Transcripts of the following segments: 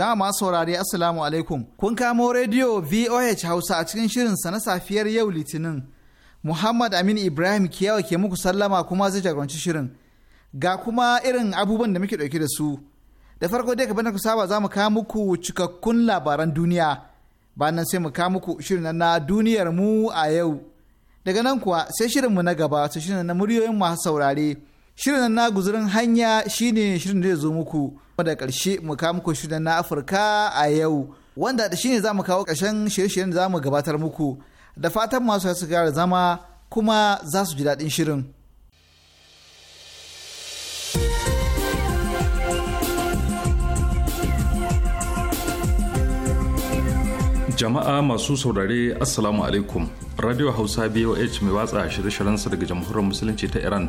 Jama'a masu saurari Assalamu alaikum. Kun kamo rediyo VOH Hausa a cikin shirin sa na safiyar yau Litinin. Muhammad Amin Ibrahim Kiyawa ke muku sallama kuma zai jagoranci shirin. Ga kuma irin abubuwan da muke ɗauke da su. Da farko dai kamar ku saba za mu kawo muku cikakkun labaran duniya. Bayan nan sai mu kawo muku shirin na duniyar mu a yau. Daga nan kuwa sai shirin mu na gaba sai shirin na muryoyin masu saurare. Shirin na guzurin hanya shine shirin da zo muku da ƙarshe mu kawo muku shirin na Afirka a yau wanda da shine za mu kawo ƙarshen shirye-shiryen da za mu gabatar muku da fatan masu su gara zama kuma za su ji daɗin shirin. jama'a masu saurare assalamu alaikum radio hausa boh mai watsa shirye shiryen daga jamhuriyar musulunci ta iran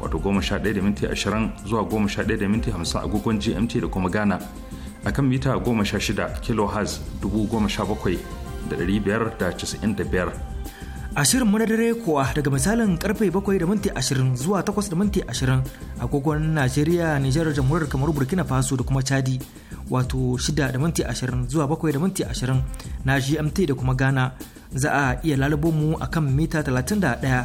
wato 11:20 zuwa 11:50 agogon gmt da kuma ghana a kan mita 16 kilohertz 17,595 ashirin madadare kuwa daga misalin karfe 7 da minti 20 zuwa 8 da minti 20 agogon najeriya nijar jamhuriyar kamar burkina faso da kuma chadi wato 6 da minti 20 zuwa 7 da minti 20 na gmt da kuma ghana za a iya lalubo mu a kan mita 31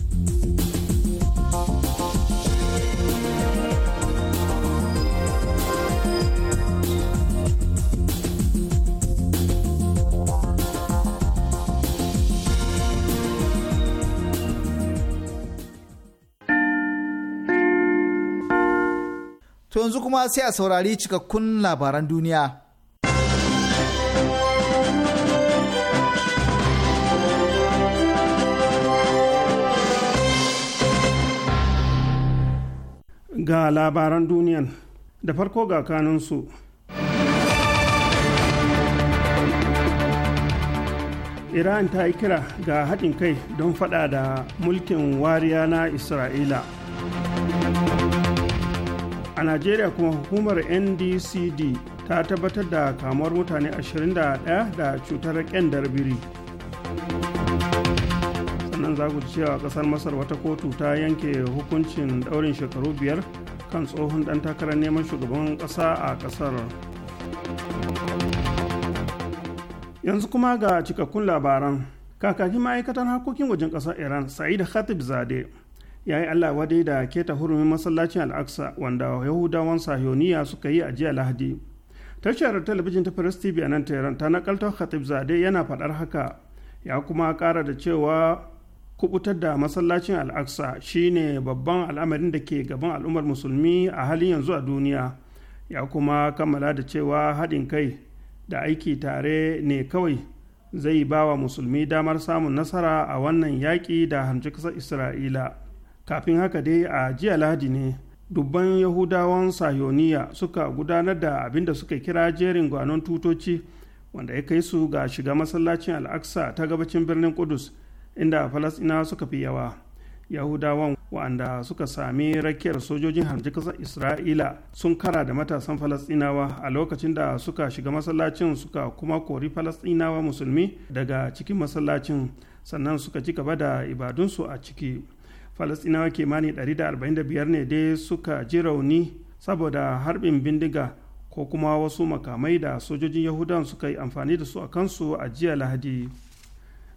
To yanzu kuma sai a saurari cikakkun labaran duniya. Ga labaran duniyan da farko ga kanunsu. Iran ta yi kira ga haɗin kai don faɗa da mulkin wariya na Isra'ila. a najeriya kuma hukumar ndcd ta tabbatar da kamuwar mutane 21 da cutar kyandar biri sannan za ku cewa kasar masar wata kotu ta yanke hukuncin daurin shekaru biyar kan tsohon dan takarar neman shugaban kasa a kasar yanzu kuma ga cikakkun labaran kakakin ma'aikatan harkokin wajen kasar iran sa'id khatib zade ya yi allah wadai da keta hurumin masallacin al'aksa wanda yahudawan sahioniya suka yi a jiya lahadi tashar talabijin ta press tv a nan tehran ta nakalta khatib zade yana faɗar haka ya kuma ƙara da cewa kubutar da masallacin al'aksa shine babban al'amarin da ke gaban al'ummar musulmi a halin yanzu a duniya ya kuma kammala da cewa haɗin kai da aiki tare ne kawai zai ba wa musulmi damar samun nasara a wannan yaƙi da hanci ƙasar isra'ila kafin haka dai a jiya lahadi ne dubban yahudawan sayoniya suka gudanar da abin da suka kira jerin gwanon tutoci wanda ya kai su ga shiga masallacin al'aksa ta gabacin birnin kudus inda falasina suka fi yawa yahudawan wa'anda suka sami rakiyar sojojin harjin ƙasar isra'ila sun kara da matasan falasɗinawa a lokacin da suka shiga masallacin suka kuma kori falasɗinawa musulmi daga cikin masallacin sannan suka ci gaba da ibadunsu a ciki falastinawa kimani 145 ne dai suka ji rauni saboda harbin bindiga ko kuma wasu makamai da sojojin yahudan suka yi amfani da su a kansu a jiya lahadi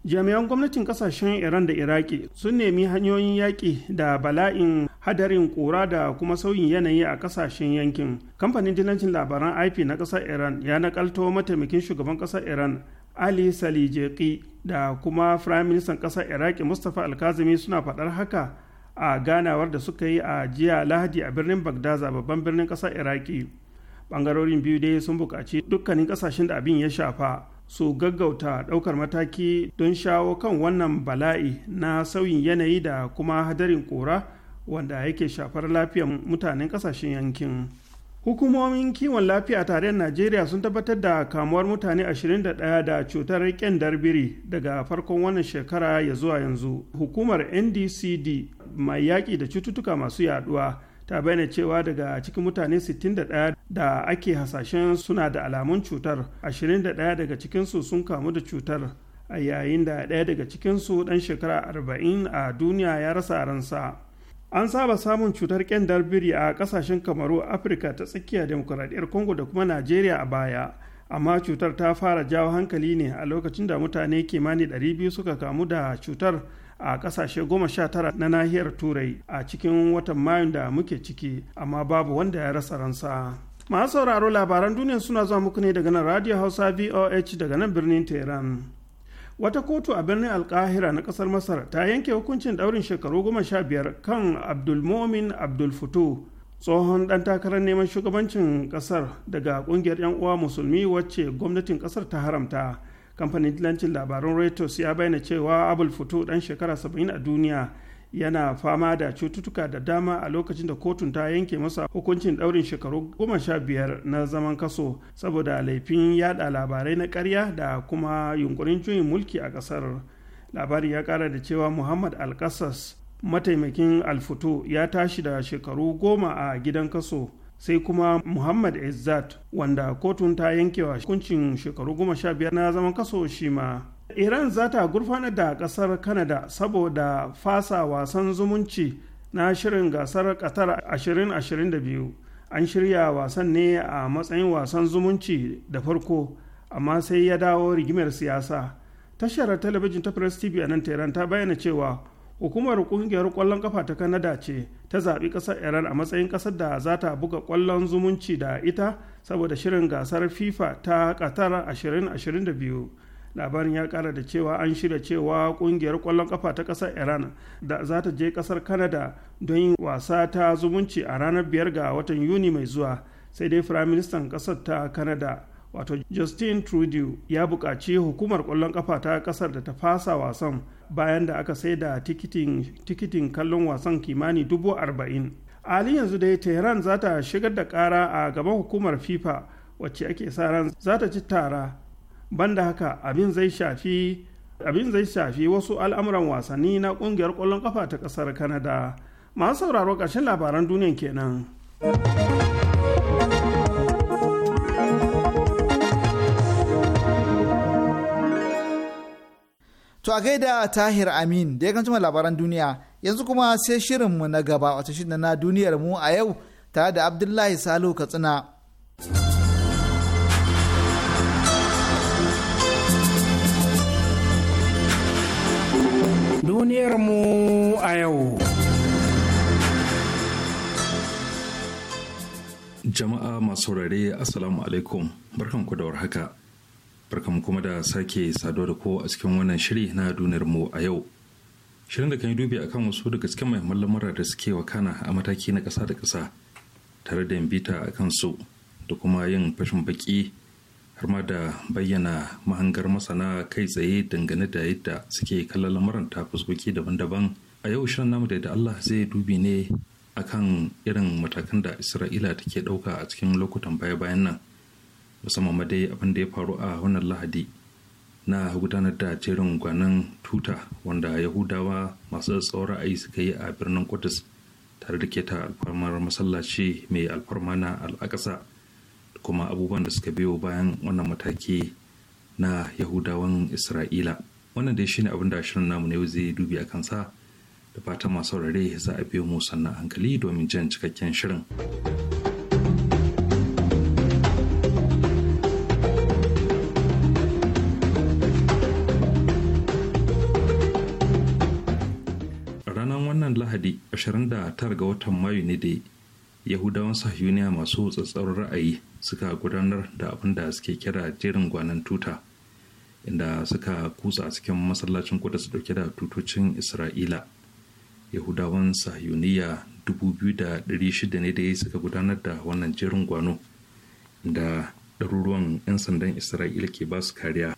jami'an gwamnatin kasashen iran da iraki sun nemi hanyoyin yaƙi da bala'in hadarin ƙura da kuma sauyin yanayi a kasashen yankin kamfanin dilancin labaran ip na ƙasar iran ya nakalto mataimakin shugaban ƙasar iran ali salijeki da kuma firayim ministan ƙasar iraki mustapha alkazimi suna faɗar haka a ganawar da suka yi a jiya lahadi a birnin bagdaza babban birnin ƙasar iraki bangarorin biyu dai sun buƙaci dukkanin ƙasashen da abin ya shafa su gaggauta ɗaukar mataki don shawo kan wannan bala'i na sauyin yanayi da kuma hadarin ƙura wanda yake shafar lafiyar mutanen ƙasashen yankin. hukumomin kiwon lafiya tare tarayyar najeriya sun tabbatar da kamuwar mutane 21 da cutar kyandar biri daga farkon wannan shekara ya zuwa yanzu hukumar ndcd mai yaƙi da cututtuka masu yaduwa ta bayyana cewa daga cikin mutane 61 da ake hasashen suna da alamun cutar 21 daga cikinsu sun kamu da cutar a yayin da ɗaya daga cikinsu ɗan shekara 40 a duniya ya rasa ransa an saba samun cutar kyandar biri a kasashen kamaru afirka ta tsakiya demokuraɗiyar congo da kuma najeriya a baya amma cutar ta fara jawo hankali ne a lokacin da mutane kimanin 200 suka kamu da cutar a kasashe tara na nahiyar turai a cikin watan mayun da muke ciki amma babu wanda ya rasa ransa masu sauraro labaran duniya suna zuwa muku ne daga nan radio hausa voh daga nan birnin tehran wata kotu a birnin alkahira na kasar masar ta yanke hukuncin daurin shekaru goma sha biyar kan abdulmomin abdulfuto tsohon dan takarar neman shugabancin kasar daga kungiyar 'yan uwa musulmi wacce gwamnatin kasar ta haramta kamfanin dilancin labarun reuters ya bayyana cewa abul dan shekara 70 a duniya yana fama da cututtuka da dama a lokacin da kotun ta yanke masa hukuncin daurin shekaru goma sha biyar na zaman kaso saboda laifin yada labarai na karya da kuma yunkurin juyin mulki a kasar. labari ya kara da cewa muhammad alkasas mataimakin alfuto ya tashi da shekaru goma a gidan kaso sai kuma muhammad izzat wanda kotun ta yankewa hukuncin shekaru goma sha biyar na zaman kaso shi ma iran za ta gurfanar da kasar canada saboda fasa wasan zumunci na shirin gasar qatar 2022 an shirya wasan ne a matsayin wasan zumunci da farko amma sai ya dawo rigimar siyasa tashar talabijin ta press tv a nan tehran ta bayyana cewa hukumar kungiyar kwallon kafa ta kanada ce ta zaɓi ƙasar iran a matsayin ƙasar da za ta buga kwallon zumunci da ita saboda shirin gasar fifa ta qatar 2022 labarin ya kara da cewa an shirya cewa kungiyar kwallon kafa ta kasar iran da za ta je kasar canada don yin wasa ta zumunci a ranar biyar ga watan yuni mai zuwa sai dai firaministan kasar ta canada wato justin trudeau ya buƙaci hukumar kwallon kafa ta kasar da ta fasa wasan bayan da aka sai da tikitin kallon wasan kimani dubu arba'in halin yanzu dai tehran za ta shigar da kara a gaban hukumar fifa wacce ake sa ran za ta ci tara banda haka abin zai shafi abin zai shafi wasu al'amuran wasanni na kungiyar kwallon kafa ta ƙasar kanada Masu sauraro ƙarshen labaran duniyan kenan. To a gaida Tahir Amin da ya kan labaran duniya yanzu kuma sai shirin mu na gaba wata shirin na duniyar mu a yau tare da Abdullahi Salo Katsina. Duniyarmu a yau. Jama'a masu saurare Assalamu alaikum barkanku da warhaka. Barkanku kuma da sake saduwa da ko a cikin wannan shiri na duniyarmu a yau. Shirin da kan yi dubi akan wasu daga cikin mahimman lamura da suke wakana a mataki na ƙasa da ƙasa tare da bita a kansu da kuma yin fashin baki har ma da bayyana mahangar masana kai tsaye dangane da yadda suke kallon lamuran ta fuskoki daban-daban a yau shirin namu da Allah zai dubi ne akan irin matakan da isra'ila take ɗauka a cikin lokutan baya-bayan nan musamman ma dai abin da ya faru a wannan lahadi na gudanar da jerin gwanon tuta wanda yahudawa masu tsawon ra'ayi suka yi a birnin kudus tare da keta alfarmar masallaci mai alfarma na al'akasa kuma abubuwan da suka biyo bayan wannan mataki na yahudawan isra'ila wannan dai shine abin da shirin namu ne zai dubi a kansa da fatan masu rare za a biyo mu sannan hankali domin jan cikakken shirin ranar wannan lahadi 29 ga watan mayu ne da yahudawan sahiyuniya masu tsatsar ra'ayi suka gudanar da abin da suke kira jerin gwanan tuta inda suka kutsa cikin masallacin kudus dauke da tutocin isra'ila yahudawan sahiyuniya 2,600 ne da suka gudanar da wannan jerin gwano da ɗaruruwan 'yan sandan isra'ila ke ba su kariya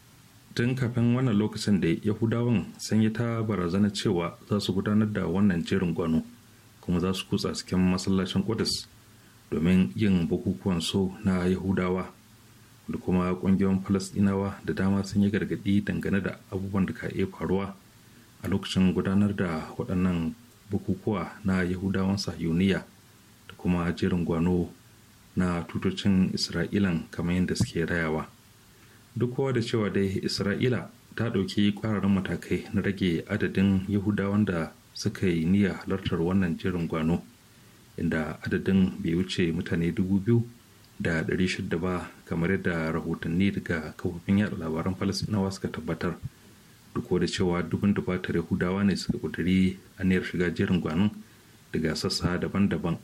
tun kafin wannan lokacin da yahudawan sun yi ta barazana cewa za su gudanar da wannan jerin gwano kuma za su kutsa cikin masallacin Kudus domin yin bukukuwan so na Yahudawa da kuma ƙungiyoyin Falasdinawa da dama sun yi gargaɗi dangane da abubuwan da ka iya faruwa a lokacin gudanar da waɗannan bukukuwa na Yahudawan Sahiyuniya da kuma jerin gwano na tutocin Isra'ilan kamar yadda suke rayawa. Duk kowa da cewa dai Isra'ila ta ɗauki ƙwararrun matakai na rage adadin Yahudawan da suka yi niyya halartar wannan jerin gwano inda adadin bai wuce mutane dubu biyu da ɗari shida ba kamar yadda rahotanni daga kafofin yada labaran falasinawa suka tabbatar duk da cewa dubin dubatar yahudawa ne suka kuduri aniyar shiga jerin gwanon daga sassa daban-daban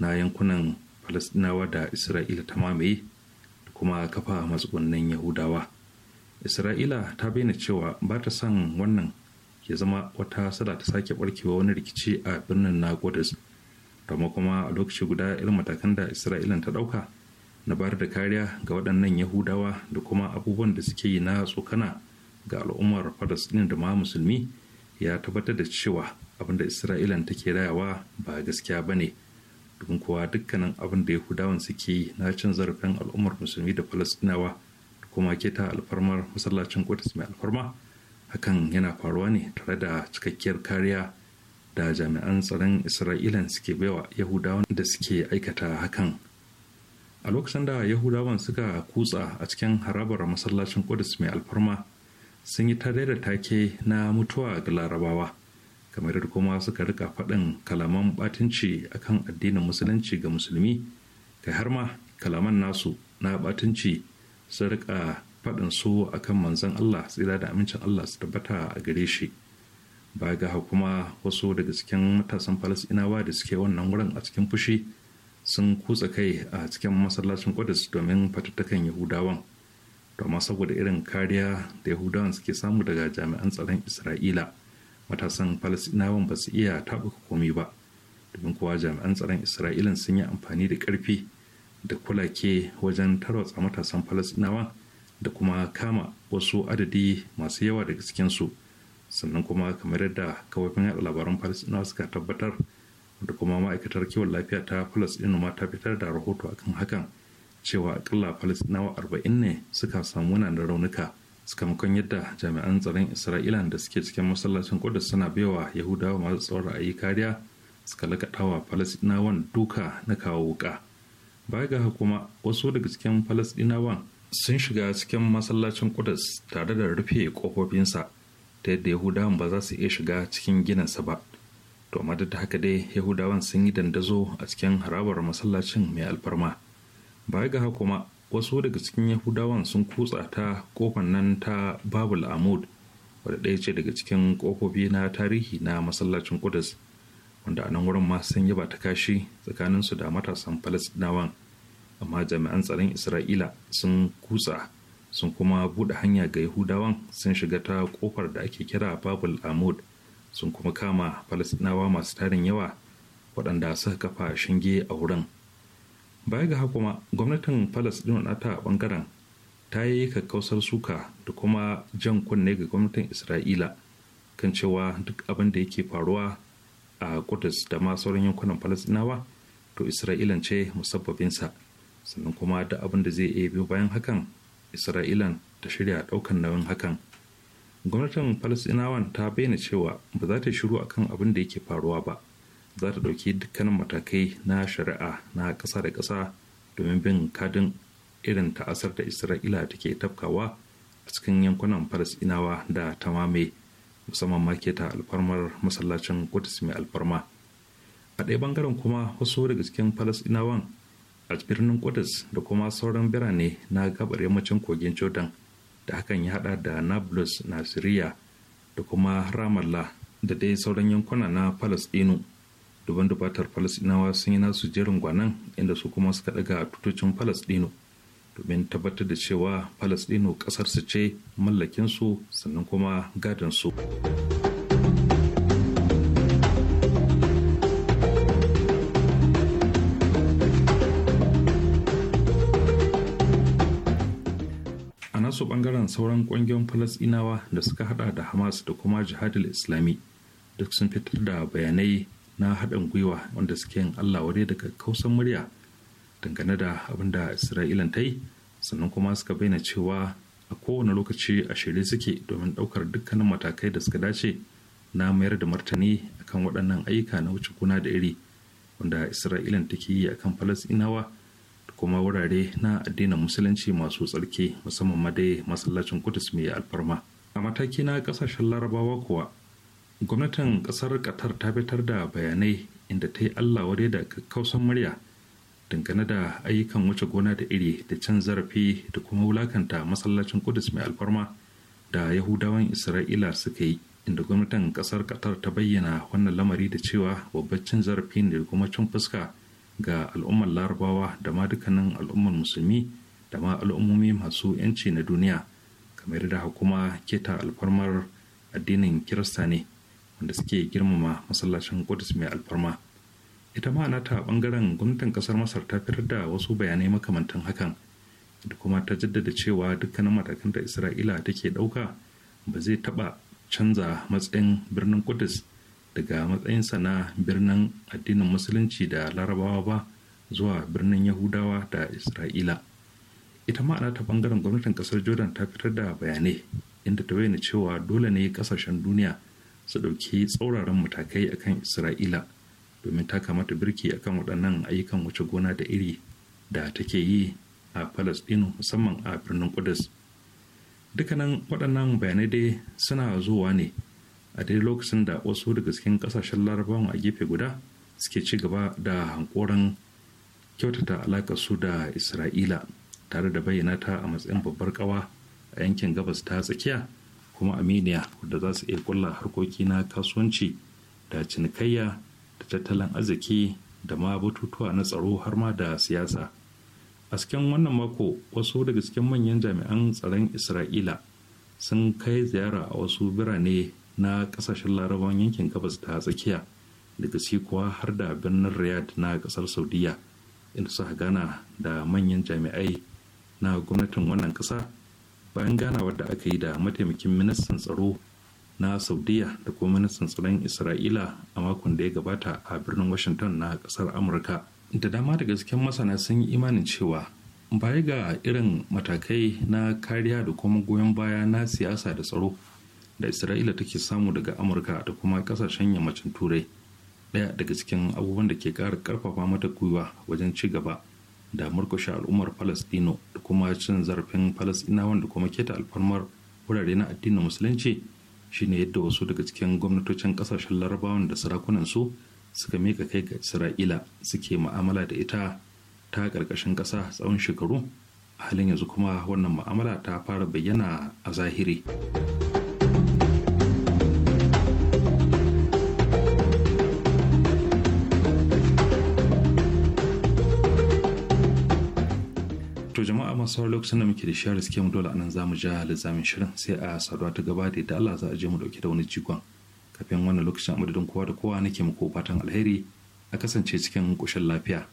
na yankunan falasinawa da isra'ila ta mamaye da kuma kafa matsugunan yahudawa isra'ila ta bayyana cewa ba ta son wannan ya zama wata sala ta sake barkewa wani rikici a birnin na Qudus amma kuma a lokaci guda irin matakan da Isra'ilan ta dauka na bayar da kariya ga waɗannan Yahudawa da kuma abubuwan da suke yi na tsokana ga al'ummar Falasɗin da ma musulmi ya tabbatar da cewa abin da Isra'ilan take rayawa ba gaskiya ba ne domin kuwa dukkanin abin da Yahudawan suke yi na cin zarafin al'ummar musulmi da Falasɗinawa da kuma keta alfarmar masallacin kotis mai alfarma hakan yana faruwa ne tare da cikakkiyar kariya da jami'an tsaron isra'ila suke baiwa yahudawan da suke aikata hakan a lokacin da yahudawan suka kutsa a cikin harabar masallacin kudus mai alfarma sun yi tare da take na mutuwa ga larabawa kamar da kuma suka rika faɗin kalaman batunci akan addinin musulunci ga musulmi kai har ma kalaman nasu na batunci sun rika faɗin a kan manzon Allah tsira da amincin Allah su tabbata a gare shi ba ga kuma wasu daga cikin matasan falasɗinawa da suke wannan wurin a cikin fushi sun kutsa kai a cikin masallacin Qudus domin fatattakan Yahudawan domin saboda irin kariya da Yahudawan suke samu daga jami'an tsaron Isra'ila matasan falasɗinawan ba su iya taɓuka komi ba domin kowa jami'an tsaron Isra'ila sun yi amfani da ƙarfi da kulake wajen tarwatsa matasan falasɗinawa da kuma kama wasu adadi masu yawa daga cikinsu sannan kuma kamar yadda kawafin yada labaran falasɗinawa suka tabbatar da kuma ma'aikatar kiwon lafiya ta falasɗinu ma ta fitar da rahoto akan hakan cewa akalla falasɗinawa arba'in ne suka samu da raunuka sakamakon yadda jami'an tsaron isra'ila da suke cikin masallacin kudus suna baiwa yahudawa masu tsawon ra'ayi kariya suka lakaɗawa falasɗinawan duka na kawo wuka baya ga kuma wasu daga cikin falasɗinawan sun shiga cikin masallacin Kudus tare da rufe ƙofofinsa ta yadda Yahudawan ba za su iya shiga cikin ginansa ba. To amma duk da haka dai Yahudawan sun yi dandazo a cikin harabar masallacin mai alfarma. Baya ga haka kuma wasu daga cikin Yahudawan sun kutsa ta kofan nan ta Babul Amud wadda ɗaya ce daga cikin ƙofofi na tarihi na masallacin Kudus wanda a nan wurin ma sun yaba ta kashi tsakaninsu da matasan Falasɗinawan. amma jami'an tsaron isra'ila sun kutsa sun kuma buɗe hanya ga yahudawan sun shiga ta kofar da ake kira babul amud sun kuma kama falasinawa masu tarin yawa waɗanda suka kafa shinge a wurin baya ga kuma gwamnatin falasɗin na ta ɓangaren ta yi kakkausar suka da kuma jan kunne ga gwamnatin isra'ila kan cewa duk abin da yake faruwa a kudus da ma sauran yankunan falasɗinawa to isra'ilan ce musabbabinsa sannan kuma duk abin da zai iya biyo bayan hakan isra'ilan ta shirya ɗaukan nauyin hakan gwamnatin falasɗinawan ta bayyana cewa ba za ta shiru akan abin da yake faruwa ba za ta ɗauki dukkanin matakai na shari'a na kasa da kasa domin bin kadin irin ta'asar da isra'ila take tafkawa a cikin yankunan falasinawa da ta mame musamman ma alfarmar masallacin kudus mai alfarma a ɗaya bangaren kuma wasu daga cikin falasɗinawan a birnin Kudus da kuma sauran birane na gabar yammacin kogin Jordan da hakan ya hada da Nablus na Siriya da kuma Ramallah da dai sauran yankuna na Falasɗinu. Duban dubatar palestinawa sun yi nasu jerin gwanan inda su kuma suka daga tutocin Falasɗinu domin tabbatar da cewa Falasɗinu ƙasarsu ce mallakinsu sannan kuma gadon su. nasu bangaren sauran kungiyoyin falasinawa da suka hada da hamas da kuma jihadul islami duk sun fitar da bayanai na haɗin gwiwa wanda suke yin allah wadai daga kausan murya dangane da abin da isra'ilan ta yi sannan kuma suka bayyana cewa a kowane lokaci a shirye suke domin ɗaukar dukkanin matakai da suka dace na mayar da martani akan waɗannan ayyuka na wuce kuna da iri wanda isra'ilan take yi akan falasinawa kuma wurare na addinin musulunci masu tsarki musamman ma dai masallacin kudus mai alfarma a mataki na kasashen larabawa kuwa gwamnatin kasar qatar ta fitar da bayanai inda ta yi allah wadai da kakkausan murya dangane da ayyukan wuce gona da iri da can zarafi da kuma wulakanta masallacin kudus mai alfarma da yahudawan isra'ila suka yi inda gwamnatin kasar qatar ta bayyana wannan lamari da cewa babbar cin zarafi ne da kuma cin fuska ga al'ummar larabawa da ma dukkanin al'ummar musulmi da ma al'ummomi masu yanci na duniya kamar da kuma keta alfarmar addinin kirista ne wanda suke girmama masallacin kudus mai alfarma ita ma ta bangaren gwamnatin kasar masar ta fitar da wasu bayanai makamantan hakan da kuma ta jaddada cewa dukkanin matakan da isra'ila take dauka ba zai taba canza matsayin birnin kudus daga matsayinsa na birnin addinin musulunci da larabawa ba zuwa birnin yahudawa da isra'ila ita ma'ana ta bangaren gwamnatin kasar jordan ta fitar da bayanai inda ta bayyana cewa dole ne kasashen duniya su ɗauki tsauraran matakai akan isra'ila domin ta kamata birki akan waɗannan ayyukan wuce gona da iri da take yi a palestino musamman a birnin kudus dukkanin waɗannan bayanai dai suna zuwa ne a dai lokacin da wasu daga cikin kasashen larabawan a gefe guda suke ci gaba da hankoran kyautata alaƙar su da isra'ila tare da bayyana ta a matsayin babbar ƙawa a yankin gabas ta tsakiya kuma aminiya wadda za su iya kulla harkoki na kasuwanci da cinikayya da tattalin arziki da ma batutuwa na tsaro har ma da siyasa a cikin wannan mako wasu daga cikin manyan jami'an tsaron isra'ila sun kai ziyara a wasu birane na kasashen larabawan yankin gabas ta tsakiya daga si kuwa har da birnin riyadh na kasar saudiya inda suka gana da manyan jami'ai na gwamnatin wannan kasa bayan ganawar da aka yi da mataimakin ministan tsaro na saudiya da kuma ministan tsaron isra'ila a makon da ya gabata a birnin washington na kasar amurka da dama da gasken masana sun yi imanin cewa baya ga irin matakai na kariya da kuma goyon baya na siyasa da tsaro da isra'ila take samu daga amurka da kuma kasashen yammacin turai daya daga cikin abubuwan da ke kara karfafa mata gwiwa wajen ci gaba da murkushe al'ummar palestino da kuma cin zarafin palestinawan da kuma keta alfarmar wurare na addinin musulunci shine yadda wasu daga cikin gwamnatocin kasashen larabawan da sarakunan su suka mika kai ga isra'ila suke ma'amala da ita ta karkashin kasa tsawon shekaru halin yanzu kuma wannan ma'amala ta fara bayyana a zahiri. kuma sauran lokacin da muke da shi riske mu dole anan zamu ja lizamin shirin sai a saduwa ta gaba da yadda Allah za a je mu dauke da wani jikon kafin wannan lokacin a madadin kowa da kowa nake muku fatan alheri a kasance cikin kushen lafiya.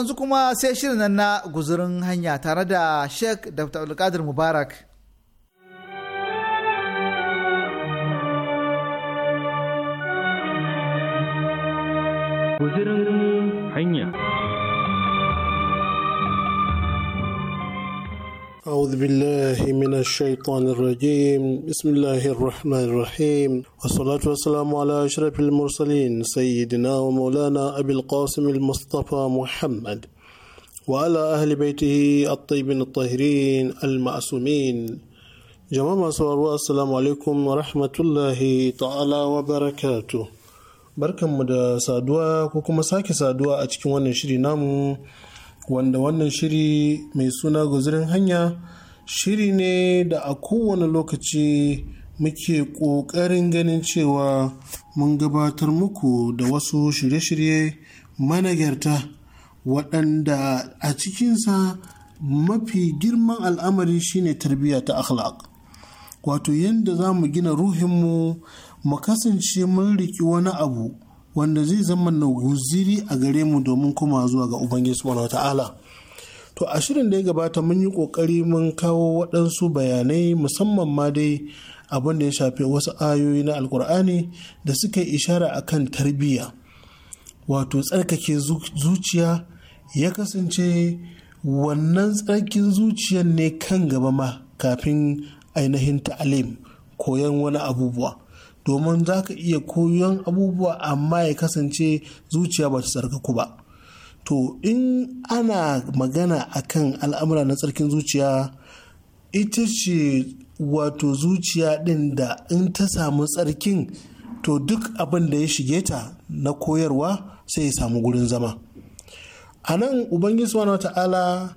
yanzu kuma sai shirin nan na guzurin hanya tare da Sheikh Dr. Abdulkadir Mubarak. Guzurin hanya. أعوذ بالله من الشيطان الرجيم بسم الله الرحمن الرحيم والصلاة والسلام على أشرف المرسلين سيدنا ومولانا أبي القاسم المصطفى محمد وعلى أهل بيته الطيبين الطاهرين المعصومين جماعة سوار السلام عليكم ورحمة الله تعالى وبركاته barkanmu da saduwa ko kuma sake saduwa a cikin wannan shiri namu wanda wannan shiri mai suna guzurin hanya shiri ne da a kowane lokaci muke ƙoƙarin ganin cewa mun gabatar muku da wasu shirye-shirye managarta waɗanda a cikinsa mafi girman al'amari shine tarbiyya ta akhlaq wato yadda za mu gina ruhinmu mu kasance mun riki wani abu wanda zai zama na wuziri a gare mu domin kuma zuwa ga ubangiji subhanahu ta'ala to a shirin da ya gabata mun yi kokari mun kawo waɗansu bayanai musamman ma dai abin da ya shafi wasu ayoyi na alkur'ani da suka yi ishara kan tarbiyya wato tsarkake zuciya ya kasance wannan tsarkin zuciyar ne kan gaba ma kafin ainihin ta'alim koyon wani abubuwa domin za ka iya koyon abubuwa amma ya kasance zuciya ba ta tsarkaku ba to in ana magana akan al'amura na tsarkin zuciya ita ce wato zuciya ɗin da in ta samu tsarkin to duk abin da ya shige ta na koyarwa sai ya samu gurin zama a nan ubangiji wa ta'ala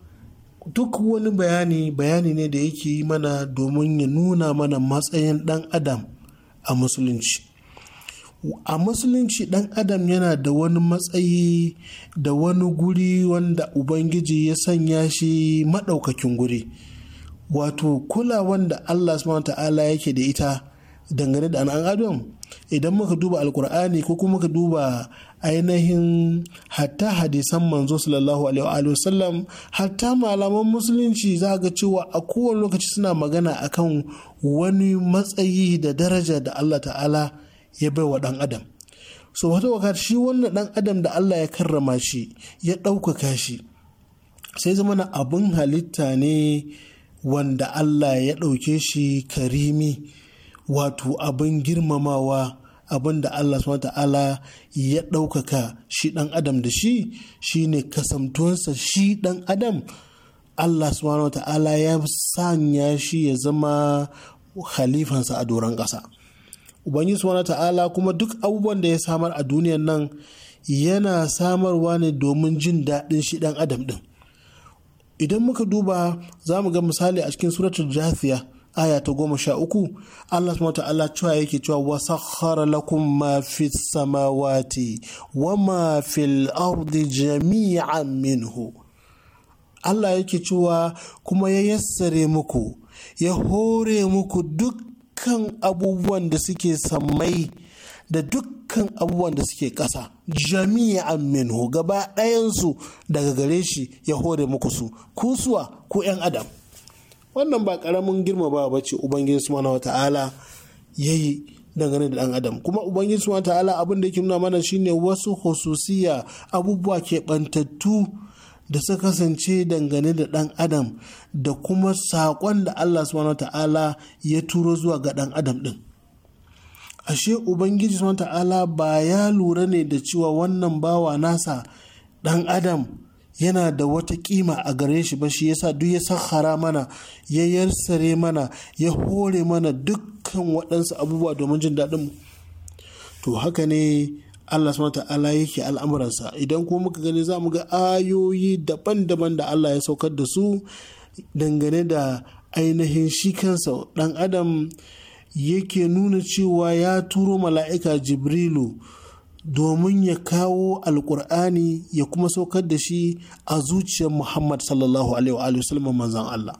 duk wani bayani bayani ne da yake yi mana domin ya nuna mana matsayin ɗan adam a musulunci a musulunci ɗan adam yana da wani matsayi da wani guri wanda ubangiji ya sanya shi maɗaukakin guri wato kula wanda allah subhanahu ta'ala yake da ita dangane da an adam idan muka duba alkur'ani ko kuma muka duba ainihin hatta hadisan manzo sallallahu alaihi wa sallam hatta malaman musulunci za ga cewa a kowane lokaci suna magana akan wani matsayi da daraja da Allah ta'ala ya bai wa ɗan adam so wata waka shi wannan ɗan adam da Allah ya karrama shi ya ɗaukaka shi sai zama na abin halitta ne wanda Allah ya ɗauke shi karimi wato abin girmamawa abin da Allah subhanahu ya ɗaukaka shi ɗan adam da shi shi ne kasamtuwarsa shi ɗan adam Allah subhanahu ya sanya shi ya zama halifansa a doron ƙasa ubangiji subhanahu ta'ala kuma duk abubuwan da ya samar a duniyar nan yana samarwa ne domin jin daɗin shi ɗan adam ɗin idan muka duba za mu ga misali a cikin suratul jathiya aya ta goma sha uku Allah subhanahu ta'ala cewa yake cewa wa lakum ma fi samawati wa ma fil ardi jami'an minhu Allah yake cewa kuma ya yassare muku ya hore muku dukkan abubuwan da suke sammai da dukkan abubuwan da suke ƙasa jami'an minhu gaba ɗayansu daga gare shi ya hore muku su kusuwa ko 'yan adam wannan ba karamin girma ba ce ubangiji subhanahu wata'ala yayi dangane da dan adam kuma ubangiji subhanahu wata'ala abin da yake nuna mana shine wasu hususiya abubuwa ke ɓantattu da su kasance dangane da ɗan adam da kuma saƙon da Allah subhanahu wata'ala ya turo zuwa ga ɗan adam ɗin. Ashe Ubangiji subhanahu wata'ala ba ya lura ne da cewa wannan bawa nasa ɗan adam yana da wata kima a gare shi ba shi yasa duk ya sahara mana ya yarsare mana ya hore mana dukkan waɗansu abubuwa domin jin daɗin to haka ne Allah subhanahu ta'ala yake al'amuransa idan kuma muka gani za mu ga ayoyi daban-daban da Allah ya saukar da su dangane da ainihin shi kansa ɗan adam yake nuna cewa ya turo mala'ika jibrilu domin ya kawo alkur'ani ya kuma saukar da shi a zuciyar muhammad sallallahu alaihi wasallam manzan Allah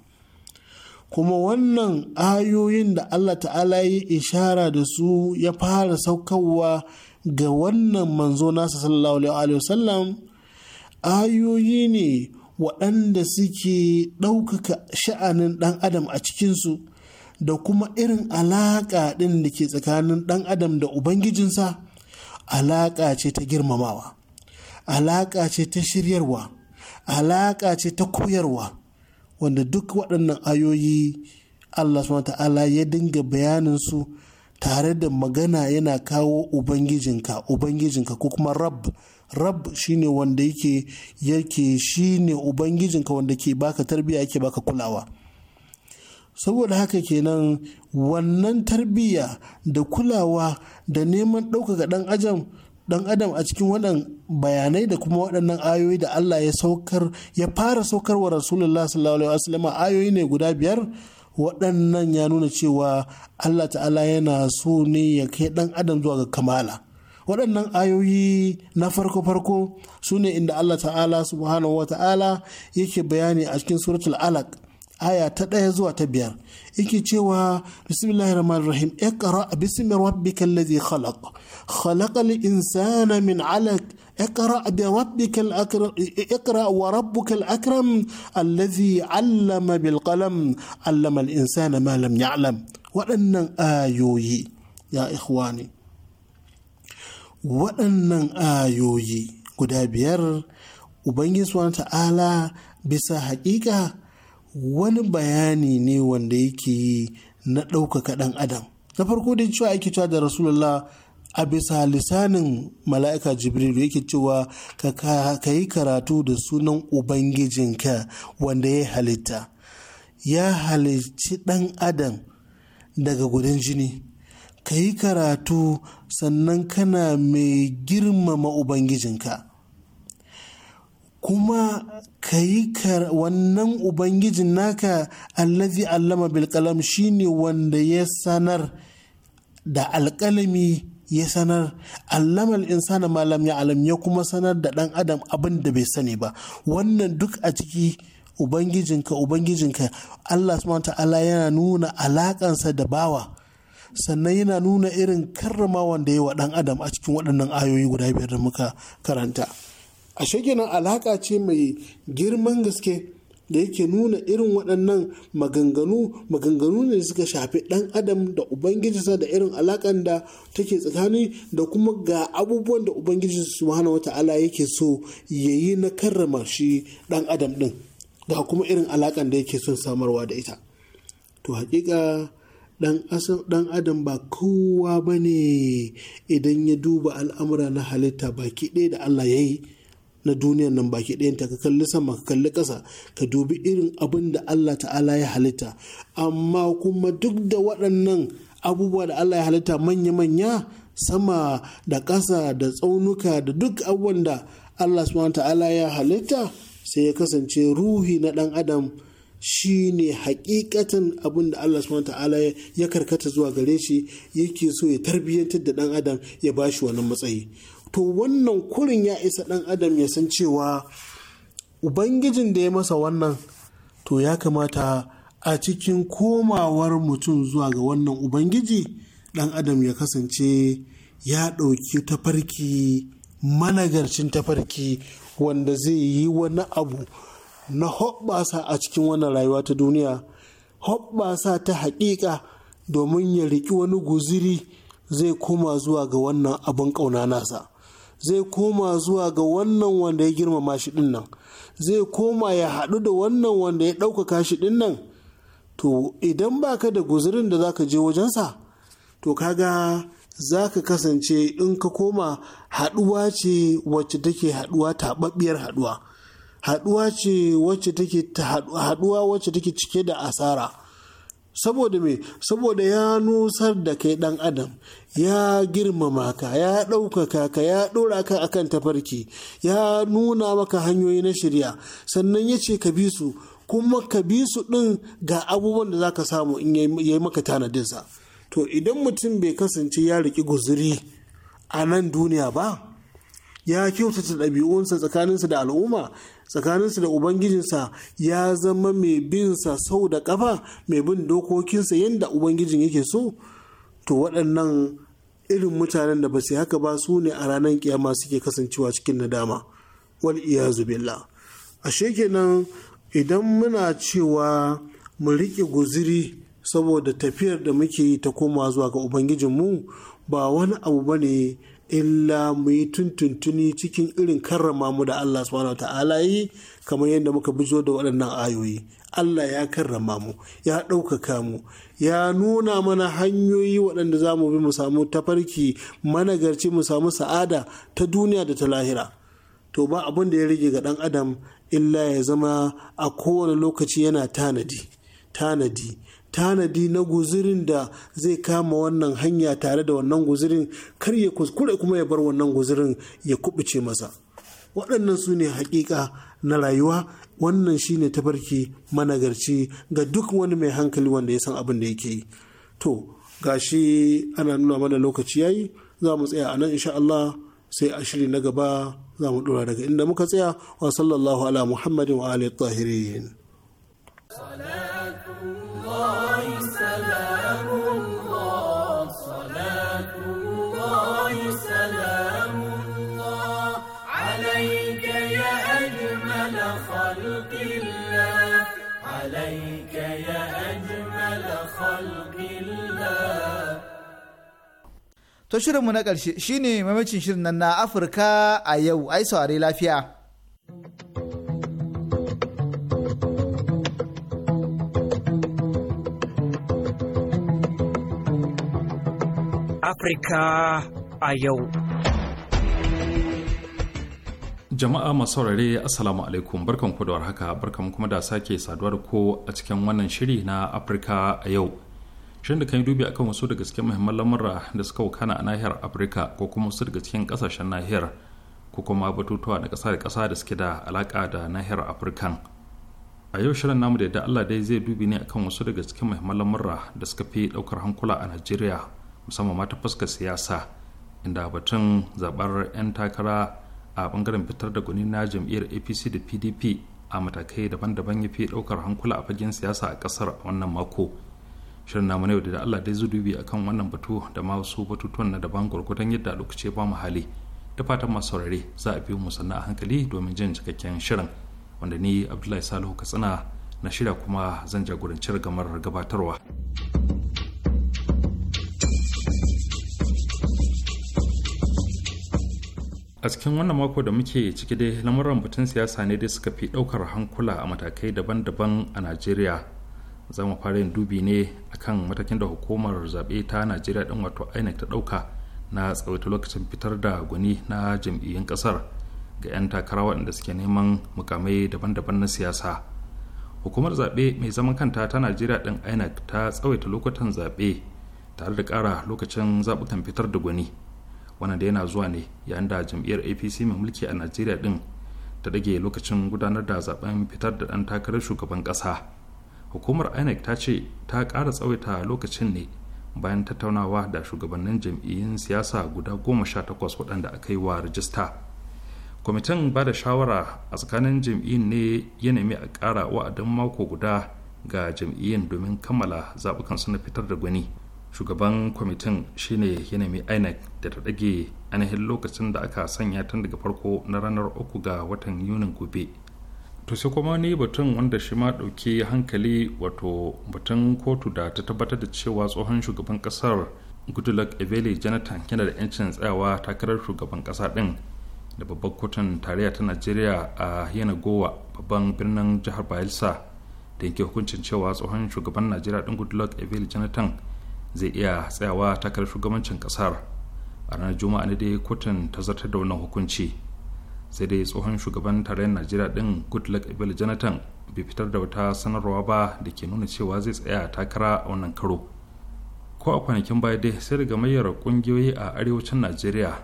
kuma wannan ayoyin da Allah ta'ala ya ishara da su ya fara saukarwa ga wannan manzo nasa sallallahu alaihi wa sallam. ayoyi ne waɗanda suke ɗaukaka sha'anin ɗan adam a cikinsu da kuma irin alaƙa ɗin da ke tsakanin ɗan adam da ubangijinsa alaƙa ce ta girmamawa alaƙa ce ta shiryarwa alaƙa ce ta koyarwa wanda duk waɗannan ayoyi Allah subhanahu ya dinga bayaninsu tare da magana yana kawo ubangijinka ubangijinka ko kuma rab rab shine wanda yake yake shine ubangijinka wanda ke baka tarbiyya yake baka kulawa saboda haka kenan wannan tarbiyya da kulawa da neman ɗaukaka ɗan ajam ɗan adam a cikin waɗannan bayanai da kuma waɗannan ayoyi da Allah ya saukar ya fara saukar wa rasulullah sallallahu alaihi wasallam ayoyi ne guda biyar waɗannan ya nuna cewa Allah ta'ala yana so ne ya kai ɗan adam zuwa ga kamala waɗannan ayoyi na farko-farko su ne inda Allah ta'ala subhanahu wa ta'ala yake bayani a cikin suratul alaq aya ta ɗaya zuwa ta biyar yake cewa bismillahir rahmanir rahim iqra bismi rabbikal ladzi khalaq khalaqal insana min alaq iqra bi rabbikal akram iqra wa rabbukal akram alladhi 'allama bil qalam 'allama al insana ma lam ya'lam waɗannan ayoyi ya ikhwani waɗannan ayoyi guda biyar ubangiji subhanahu ta'ala bisa haƙiƙa wani bayani ne wanda yake yi na ɗaukaka ɗan adam na farko dai cewa ake cewa da rasulullah a bisa lisanin mala'ika jibrilu yake cewa ka yi karatu da sunan ubangijinka wanda ya halitta ya halicci ɗan adam daga gudun jini ka yi karatu sannan kana mai girmama ubangijinka kuma ka yi wannan ubangijin naka allazi allama bilkalam shine wanda ya sanar da alkalami ya sanar allamal insana malam ya alam ya kuma sanar da ɗan adam abin da bai sani ba wannan duk a ciki ubangijinka ubangijinka allah subhanahu ta'ala yana nuna alakansa da bawa sannan yana nuna irin karrama wanda ya wa dan adam a cikin waɗannan ayoyi guda biyar da muka karanta ashe kenan alaka ce mai girman gaske da yake nuna irin waɗannan maganganu maganganu ne suka shafi ɗan adam da ubangijinsa da irin alakan da take tsakani da kuma ga abubuwan da ubangiji subhanahu wata'ala yake so yayi na karrama shi ɗan adam ɗin ga kuma irin alakan da yake son samarwa da ita to hakika ɗan adam ba kowa ba ne idan ya duba al'amura na halitta baki ɗaya da allah ya yi na duniyar nan baki ɗayan ta ka kalli sama ka kalli ƙasa ka dubi irin abin da Allah ta'ala ya halitta amma kuma duk da waɗannan abubuwa da Allah ya halitta manya-manya sama da ƙasa da tsaunuka da duk abubuwan da Allah subhanahu ta'ala ya halitta sai ya kasance ruhi na ɗan adam shine ne hakikatan abin da Allah subhanahu ta'ala ya karkata zuwa gare shi yake so ya tarbiyyantar da ɗan adam ya bashi wannan matsayi to wannan kurin ya isa ɗan adam ya san cewa ubangijin da ya masa wannan to ya kamata a cikin komawar mutum zuwa ga wannan ubangiji ɗan adam ya kasance ya ɗauki tafarki managarcin tafarki wanda zai yi wani abu na hoɓɓasa a cikin wannan rayuwa ta duniya hoɓɓasa ta haƙiƙa domin ya riƙi wani guziri zai koma zuwa ga wannan abin ƙauna nasa zai koma zuwa ga wannan wanda ya girmama shi din zai koma ya haɗu da wannan wanda ya ɗaukaka shi din nan to idan baka da guzurin da zaka je wajensa to kaga za ka kasance in ka koma haɗuwa ce wacce take haɗuwa taɓaɓɓiyar haɗuwa haɗuwa ce wacce take cike da asara saboda me saboda ya nusar da kai dan adam ya girmama ka ya ɗaukaka ka ya ɗora ka a kan tafarki ya nuna maka hanyoyi na shirya sannan ya ce ka bi su kuma ka bi su ɗin ga abubuwan da za ka samu in ya yi maka tanadinsa to idan mutum bai kasance ya riƙi guzuri a nan duniya ba ya kyautata ɗabi'unsa tsakaninsa da al'umma tsakaninsa da ubangijinsa ya zama mai binsa sau da kafa mai bin dokokinsa yadda ubangijin yake so to waɗannan irin mutanen da ba su haka ba su ne a ranar kiyama suke kasancewa cikin nadama wal iyazu billah ashe kenan idan muna cewa mu riƙe guziri saboda tafiyar da muke yi ta koma zuwa ga ubangijinmu ba wani abu ba ne illa mu yi tuntuntuni cikin irin karrama mu da Allah subhanahu ta'ala yi kamar yadda muka bizo da waɗannan ayoyi Allah ya karrama mu ya ɗaukaka mu ya nuna mana hanyoyi waɗanda za mu bi mu samu tafarki managarci mu samu sa'ada ta duniya da ta lahira to ba abin da ya rage ga ɗan adam illa ya zama a kowane lokaci yana tanadi tanadi tanadi na guzirin da zai kama wannan hanya tare da wannan guzirin kar ya kuskure kuma ya bar wannan guzirin ya kubuce masa waɗannan su ne hakika na rayuwa wannan shi shine tafarki managarci ga duk wani mai hankali wanda ya san abin da yake yi to gashi ana nuna mana lokaci yayi za mu tsaya a nan insha Allah sai a shiri na gaba za mu dora daga inda muka tsaya wa sallallahu ala muhammadin wa alihi tahirin الله سلام الله صلاة الله سلام الله عليك يا أجمل خلق الله عليك يا أجمل خلق الله To shirinmu na ƙarshe shine mamacin shirin nan na Afirka a yau, ai saurari lafiya. Afirka a yau. Jama'a masu saurare Assalamu alaikum barkan ku da warhaka barkan kuma da sake saduwa da ko a cikin wannan shiri na Afirka a yau. Shin da kan yi dubi akan wasu daga cikin muhimman lamura da suka wakana a nahiyar Afirka ko kuma wasu daga cikin kasashen nahiyar ko kuma batutuwa na kasa da kasa da suke da alaka da nahiyar Afirkan. a yau shirin namu da yadda Allah dai zai dubi ne akan wasu daga cikin muhimman lamurra da suka fi daukar hankula a Najeriya musamman ma ta fuskar siyasa inda batun zabar 'yan takara a bangaren fitar da gwani na jam'iyyar apc da pdp a matakai daban-daban ya fi daukar hankula a fagen siyasa a kasar wannan mako shirin namu na yau da allah dai zudubi akan wannan batu da ma wasu batutuwan na daban gwargwadon yadda a lokaci ba mu hali da fatan masu saurare za a biyo mu sannan a hankali domin jin cikakken shirin wanda ni abdullahi salihu katsina na shirya kuma zan jagoranci gamar gabatarwa. a cikin wannan mako da muke ciki dai lamuran batun siyasa ne dai suka fi daukar hankula a matakai daban-daban a najeriya za mu fara yin dubi ne akan matakin da hukumar zaɓe ta najeriya din wato inec ta dauka na tsawaita lokacin fitar da gwani na jam'iyyun ƙasar ga 'yan takara waɗanda suke neman mukamai daban-daban na siyasa hukumar zaɓe mai zaman kanta ta najeriya din inec ta tsawaita lokutan zaɓe tare da kara lokacin zaɓukan fitar da gwani wannan da yana zuwa ne yayin da jam'iyyar apc mai mulki a najeriya din ta dage lokacin gudanar da zaben fitar da dan takarar shugaban kasa hukumar inec ta ce ta kara tsawaita lokacin ne bayan tattaunawa da shugabannin jam'iyyun siyasa guda goma sha takwas waɗanda aka yi wa rajista kwamitin ba da shawara a tsakanin jam'iyyun ne ya nemi a ƙara wa'adin mako guda ga jam'iyyun domin kammala zaɓukan na fitar da gwani shugaban kwamitin shine ya inec da ta dage ainihin lokacin da aka sanya tun daga farko na ranar uku ga watan yunin gobe to sai kuma wani batun wanda shi ma ɗauki hankali wato batun kotu da ta tabbatar da cewa tsohon shugaban kasar goodluck ebele jonathan yana da 'yancin tsayawa takarar shugaban kasa din da babban kotun tarayya ta najeriya a yana gowa babban birnin jihar bayelsa da yake hukuncin cewa tsohon shugaban najeriya din goodluck ebele jonathan zai iya tsayawa takarar shugabancin kasar a ranar juma'a ne dai kotun ta zartar da wannan hukunci sai dai tsohon shugaban tarayyar najeriya din goodluck ebele jonathan bai fitar da wata sanarwa ba da ke nuna cewa zai tsaya takara a wannan karo ko a kwanakin baya dai sai daga mayar kungiyoyi a arewacin najeriya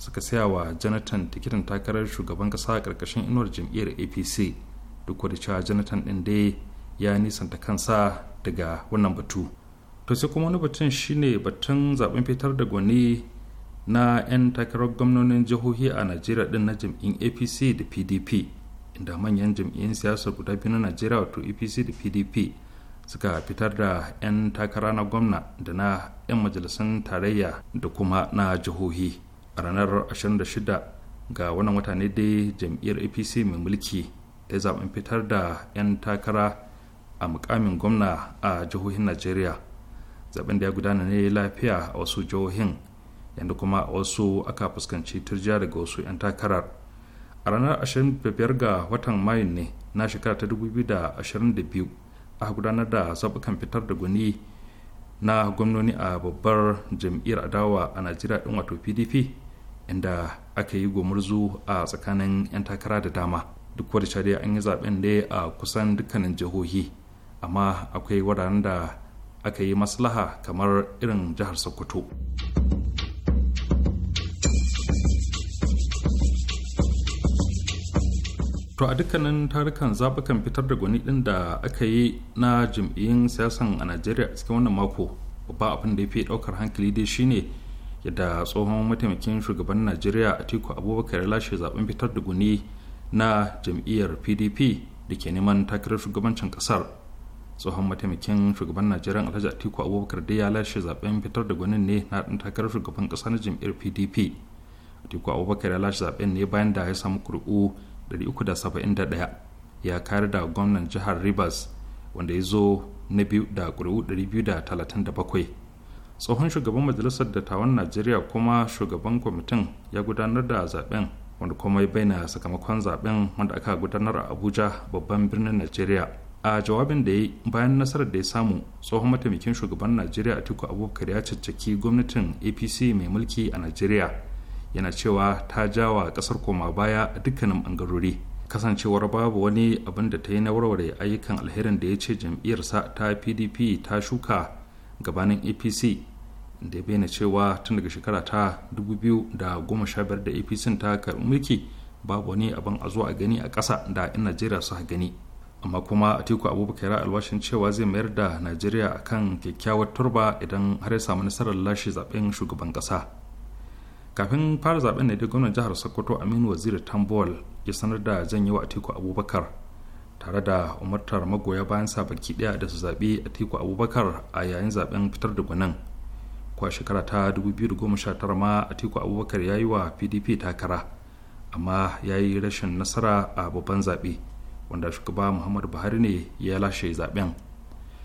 suka saya wa jonathan tikitin takarar shugaban kasa a karkashin inuwar jam'iyyar apc duk da cewa jonathan din dai ya nisanta kansa daga wannan batu to sai kuma wani batun shine batun zaben fitar da gwani na 'yan takarar gwamnonin jihohi a najeriya din na jam'in apc da pdp inda manyan jam'iyyun siyasar guda biyu na najeriya wato apc da pdp suka fitar da 'yan takara na gwamna da na 'yan majalisun tarayya da kuma na jihohi a ranar 26 ga wannan wata ne dai jam'iyyar apc mai mulki ta zaben fitar da 'yan takara a mukamin gwamna a jihohin najeriya zaben da ya gudana ne lafiya a wasu jihohin yadda kuma a wasu aka fuskanci turjiya daga wasu 'yan takarar a ranar 25 ga watan mayu ne na shekara ta 2022 aka gudanar da zaɓukan fitar da gwani na gwamnoni a babbar jam'iyyar adawa a najeriya ɗin wato pdp inda aka yi gumurzu a tsakanin 'yan takara da dama duk wadda an yi zaben ne a kusan dukkanin jihohi amma akwai wuraren da aka yi maslaha kamar irin jihar sokoto to a dukkanin tarukan zabukan fitar da gwani ɗin da aka yi na jam'iyyun siyasan a najeriya a cikin wannan mako babba abin da ya fi ɗaukar hankali dai shine yadda tsohon mataimakin shugaban najeriya a tiku abubakar ya lashe zaɓen fitar da gwani na jam'iyyar pdp da ke neman takarar shugabancin ƙasar tsohon mataimakin shugaban najeriya alhaji atiku abubakar da ya lashe zaben fitar da gwanin ne na ɗan takarar shugaban ƙasa na jam'iyyar pdp atiku abubakar ya lashe zaben ne bayan da ya samu kuri'u 371 ya kayar da gwamnan jihar rivers wanda ya zo na biyu da kuri'u 237 tsohon shugaban majalisar dattawan najeriya kuma shugaban kwamitin ya gudanar da zaben wanda kuma ya bayyana sakamakon zaben wanda aka gudanar a abuja babban birnin najeriya a jawabin da ya yi bayan nasarar da ya samu tsohon mataimakin shugaban najeriya atiku abubakar ya caccaki gwamnatin apc mai mulki a najeriya yana cewa ta jawa kasar koma baya a dukkanin bangarori kasancewar babu wani abin da ta yi na warware ayyukan alherin da ya ce jam'iyyarsa ta pdp ta shuka gabanin apc da ya bayyana cewa tun daga shekara ta 2015 da apc ta karɓi mulki babu wani abin a zuwa a gani a ƙasa da in najeriya su gani amma kuma atiku abubakar alwashin cewa zai mayar da najeriya kan kyakkyawar turba idan har ya samu nasarar lashe zaben shugaban kasa kafin fara zaben ne da gwamnan jihar sokoto aminu waziri tambol ya sanar da wa atiku abubakar tare da umartar magoya bayan sa baki daya da su zaɓi atiku abubakar a yayin zaben fitar da gwanin kuwa shekara ta 2019 ma atiku abubakar ya yi wa pdp takara amma ya yi rashin nasara a babban zaɓe wanda shugaba muhammadu buhari ne ya lashe zaben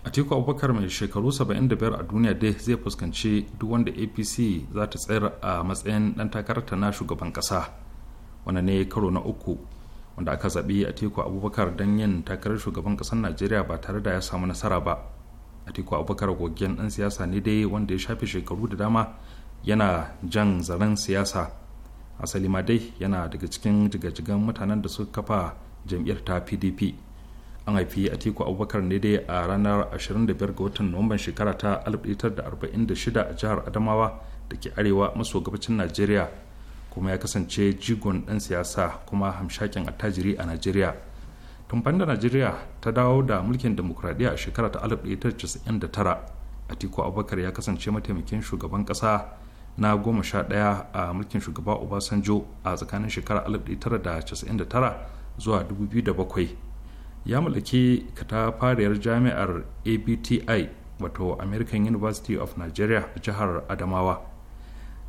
atiku abubakar mai shekaru 75 a duniya dai zai fuskanci duk wanda apc za ta tsayar a matsayin dan takararta na shugaban kasa wanda ne karo na uku wanda aka zaɓi atiku abubakar don yin takarar shugaban ƙasar najeriya ba tare da ya samu nasara ba atiku abubakar goggen ɗan siyasa ne dai wanda ya shafe shekaru da dama yana jan zaren siyasa asali ma dai yana daga cikin jigajigan mutanen da suka kafa jam'iyyar ta pdp an haifi atiku abubakar ne dai a ranar 25 ga watan nuwamban shekara ta 1946 a jihar adamawa da ke arewa maso gabacin najeriya kuma ya kasance jigon ɗan siyasa kuma hamshakin attajiri a najeriya tun banda najeriya ta dawo da mulkin demokuraɗiyya a shekara ta 1999 atiku abubakar ya kasance mataimakin shugaban ƙasa na goma sha ɗaya a mulkin shugaba obasanjo a tsakanin shekara 1999 zuwa 2007 ya mallaki katafariyar jami'ar abti wato american university of nigeria a jihar adamawa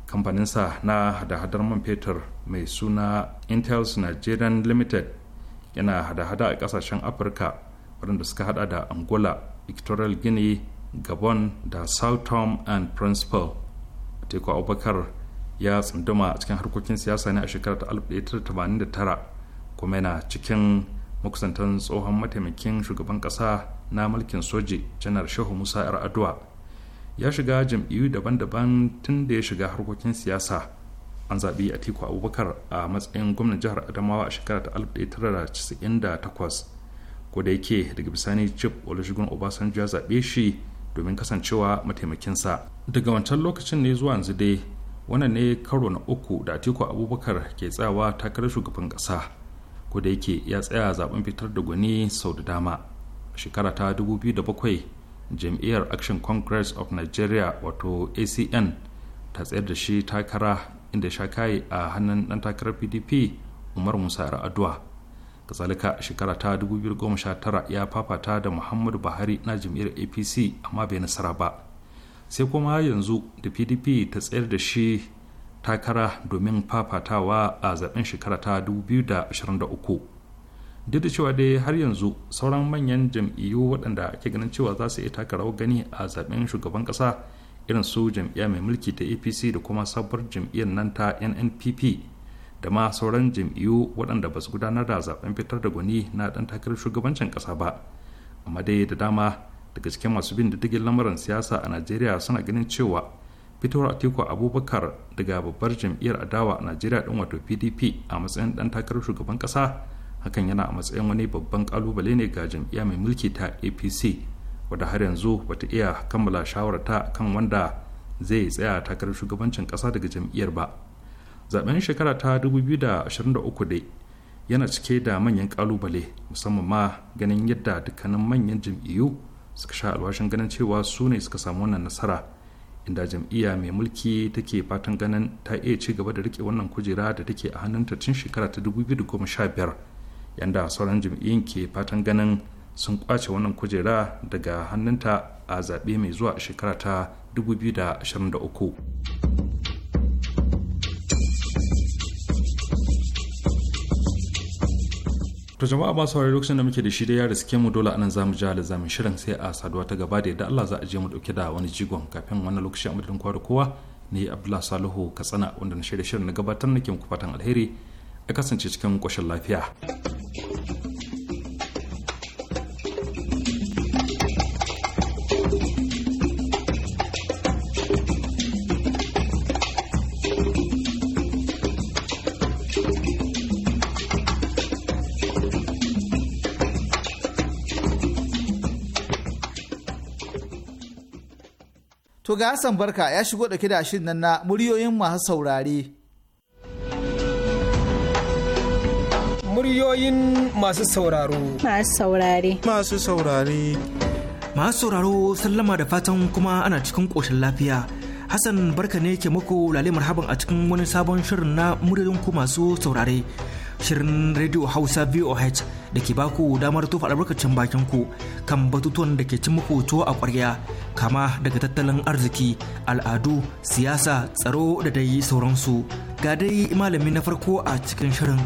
kamfaninsa na hada-hadar man fetur mai suna intels nigerian limited yana hada-hada a kasashen afirka waɗanda suka hada da angola equatorial guinea gabon da south tom and principal teku abubakar ya tsunduma a cikin harkokin siyasa ne a shekarar 1989 kuma yana cikin makusantan tsohon mataimakin shugaban kasa na mulkin soji janar shehu musa yar adu'a ya shiga jam'iyyu daban-daban tun da ya shiga harkokin siyasa an zaɓi a atiku abubakar a matsayin gwamnan jihar adamawa a shekara ta 1998 ko da yake daga bisani chief olusegun obasanjo ya zaɓe shi domin kasancewa mataimakinsa daga wancan lokacin ne zuwa yanzu dai wannan ne karo na uku da atiku abubakar ke tsayawa takarar shugaban ƙasa ko da yake ya tsaya zaben fitar da gwani sau da dama shekara ta 2007 jam'iyyar action congress of nigeria wato acn ta tsayar da shi takara inda sha kayi a hannun dan takarar pdp umar musa ra'adua kasalika shekara ta 2019 ya fafata da muhammadu buhari na jam'iyyar apc amma bai nasara ba sai kuma yanzu da pdp ta tsayar da shi takara domin fafatawa a zaben shekara ta 2023 duk da cewa dai har yanzu sauran manyan jam'iyyu waɗanda ake ganin cewa za su iya taka rawar gani a zaben shugaban ƙasa irin su jam'iyya mai mulki ta apc da kuma sabuwar jam'iyyar nan ta nnpp da ma sauran jam'iyyu waɗanda ba su gudanar da zaben fitar da gwani na ɗan takarar shugabancin ƙasa ba amma dai da dama daga cikin masu bin diddigin lamarin siyasa a najeriya suna ganin cewa fitowar atiku abubakar daga babbar jam'iyyar adawa a najeriya din wato pdp a matsayin dan takarar shugaban kasa hakan yana a matsayin wani babban kalubale ne ga jam'iyya mai mulki ta apc wadda har yanzu bata iya kammala shawarta kan wanda zai tsaya takarar shugabancin kasa daga jam'iyyar ba zaben shekara ta 2023 dai yana cike da manyan kalubale musamman ma ganin yadda dukkanin manyan jam'iyyu suka sha alwashin ganin cewa su ne suka samu wannan nasara inda jam'iyya mai mulki take fatan ganin ta iya ci gaba da rike wannan kujera da take a hannunta tun shekara ta 2015 yanda sauran jam'iyyun ke fatan ganin sun kwace wannan kujera daga hannunta a zaɓe mai zuwa shekara ta 2023 to jama'a ba saurari lokacin da muke da shi da ya riske mu dole anan zamu ji alazamin shirin sai a saduwa ta gaba da yadda Allah za a je mu dauke da wani jigon kafin wannan lokaci a madadin kowa da kowa ne Abdullahi Salihu Katsina wanda na shirya shirin na gabatar nake muku fatan alheri a kasance cikin koshin lafiya. ga Hassan Barka ya shigo ɗauke da shirin nan na muryoyin masu saurare. Muryoyin masu sauraro. Masu saurare. Masu saurare. Masu sauraro sallama da fatan kuma ana cikin ƙoshin lafiya. Hassan Barka ne ke muku lalimar marhaban a cikin wani sabon shirin na muryoyin ku masu saurare. shirin Radio Hausa VOH da ke baku damar tofa albarkacin bakin ku kan batutuwan da ke cin muku tuwo a kwarya kama daga tattalin arziki, al'adu, siyasa, tsaro da dai sauransu. Ga dai malami na farko a cikin shirin.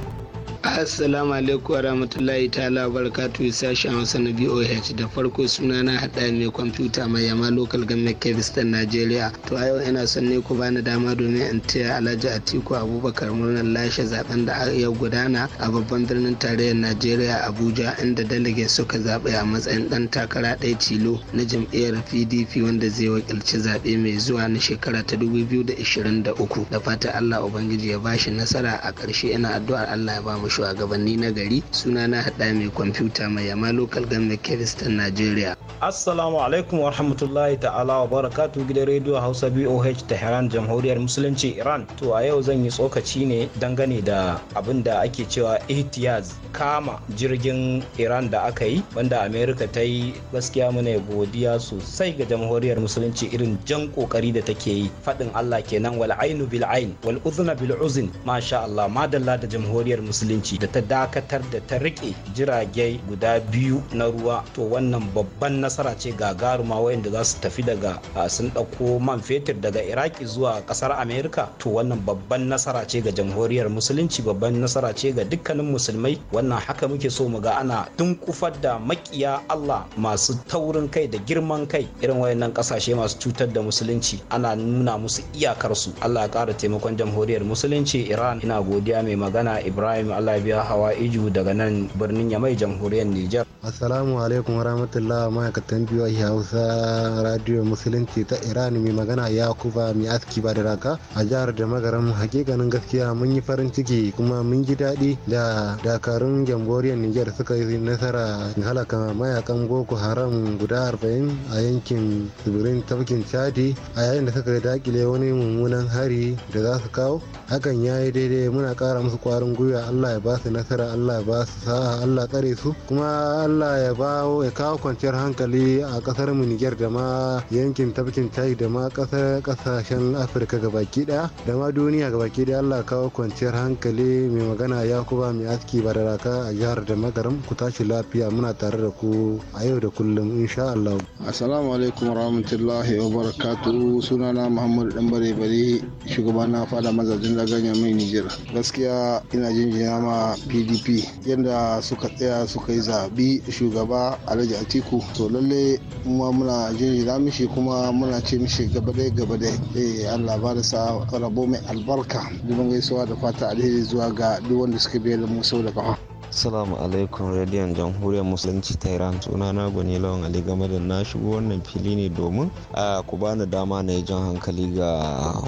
Assalamu alaikum warahmatullahi ta'ala barakatuhu sashen Hausa na BOH da farko suna na hada mai kwamfuta mai yama local government Kebistan Najeriya. To a yau ina son ne ku bani dama domin in taya Alhaji Atiku Abubakar murnar lashe zaben da ya gudana a babban birnin tarayyar Najeriya Abuja inda dalige suka zaɓe a matsayin ɗan takara ɗaya tilo na jam'iyyar PDP wanda zai wakilci zaɓe mai zuwa na shekara ta 2023. Da fatan Allah Ubangiji ya bashi nasara a ƙarshe ina addu'ar Allah ya ba mu shugabanni na gari suna na haɗa mai kwamfuta mai yama local government kiristan Najeriya. Assalamu alaikum wa rahmatullahi ta'ala wa barakatu gidan rediyo Hausa BOH Tehran Jamhuriyar Musulunci Iran. To a yau zan yi tsokaci ne dangane da abin da ake cewa ihtiyaz kama jirgin Iran da aka yi wanda Amerika ta yi gaskiya muna godiya sosai ga Jamhuriyar Musulunci irin jan kokari da take yi faɗin Allah kenan wal ainu bil ain wal uzna bil uzn masha Allah madalla da Jamhuriyar Musulunci da ta dakatar da ta rike jirage guda biyu na ruwa to wannan babban nasara ce ga gagaruma wayanda za su tafi daga sun ɗauko man fetur daga iraki zuwa kasar amerika to wannan babban nasara ce ga jamhuriyar musulunci babban nasara ce ga dukkanin musulmai wannan haka muke so mu ga ana dunkufar da makiya allah masu taurin kai da girman kai irin wayannan kasashe masu cutar da musulunci ana nuna musu iyakarsu allah ya kara taimakon jamhuriyar musulunci iran ina godiya mai magana ibrahim allah Rabi'a Hawa Iju daga nan birnin ya mai jamhuriyar Nijar. Assalamu alaikum warahmatullahi ma'aikatan biyu Hausa Radio Musulunci ta Iran mai magana Yakuba mai aski ba da raka a jihar da magaran hakikanin gaskiya mun yi farin ciki kuma mun ji daɗi da dakarun jamhuriyar Nijar suka yi nasara halaka mayakan Boko Haram guda arba'in a yankin tsibirin tafkin Chadi a yayin da suka dakile wani mummunan hari da za su kawo hakan ya yi daidai muna kara musu kwarin gwiwa Allah ya ba su nasara Allah ya ba su sa'a Allah tsare su kuma Allah ya ba ya kawo kwanciyar hankali a kasar mu Niger da ma yankin tafkin Chad da ma kasar kasashen Afirka gabaki daya da ma duniya gabaki daya Allah ya kawo kwanciyar hankali mai magana Yakuba mai aski bararaka a jihar da magaram ku tashi lafiya muna tare da ku a yau da kullum insha Allah assalamu alaikum warahmatullahi wabarakatuh sunana Muhammad bare bare shugaba na fada mazajin da ganya mai Niger gaskiya ina jinjina ma pdp yadda suka tsaya suka yi zaɓi shugaba alhaji atiku to lalle kuma muna jinjina mishi kuma muna ce mishi gabadai gabadai eh allah ba da sa rabo mai albarka gudun gaisuwa da fata alheri zuwa ga duk wanda suka biya da mu sau da kafa Assalamu alaikum radiyon jamhuriyar musulunci ta Iran suna na gwani lawan Ali game da na shigo wannan fili ne domin a ku bani dama na yi jan hankali ga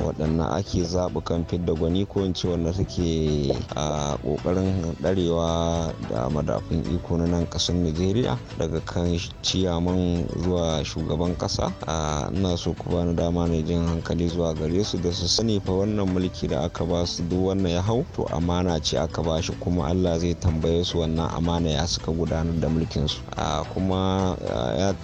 waɗannan ake kan fidda gwani ko in ce wanda suke a ƙoƙarin ɗarewa da madafin iko na nan ƙasar Nijeriya daga kan ciyaman zuwa shugaban ƙasa a ina so ku bani dama na jan hankali zuwa gare su da su sani fa wannan mulki da aka ba su duk wannan ya hau to amana ce aka ba shi kuma Allah zai tambaye su wannan amana ya suka gudanar da mulkin su kuma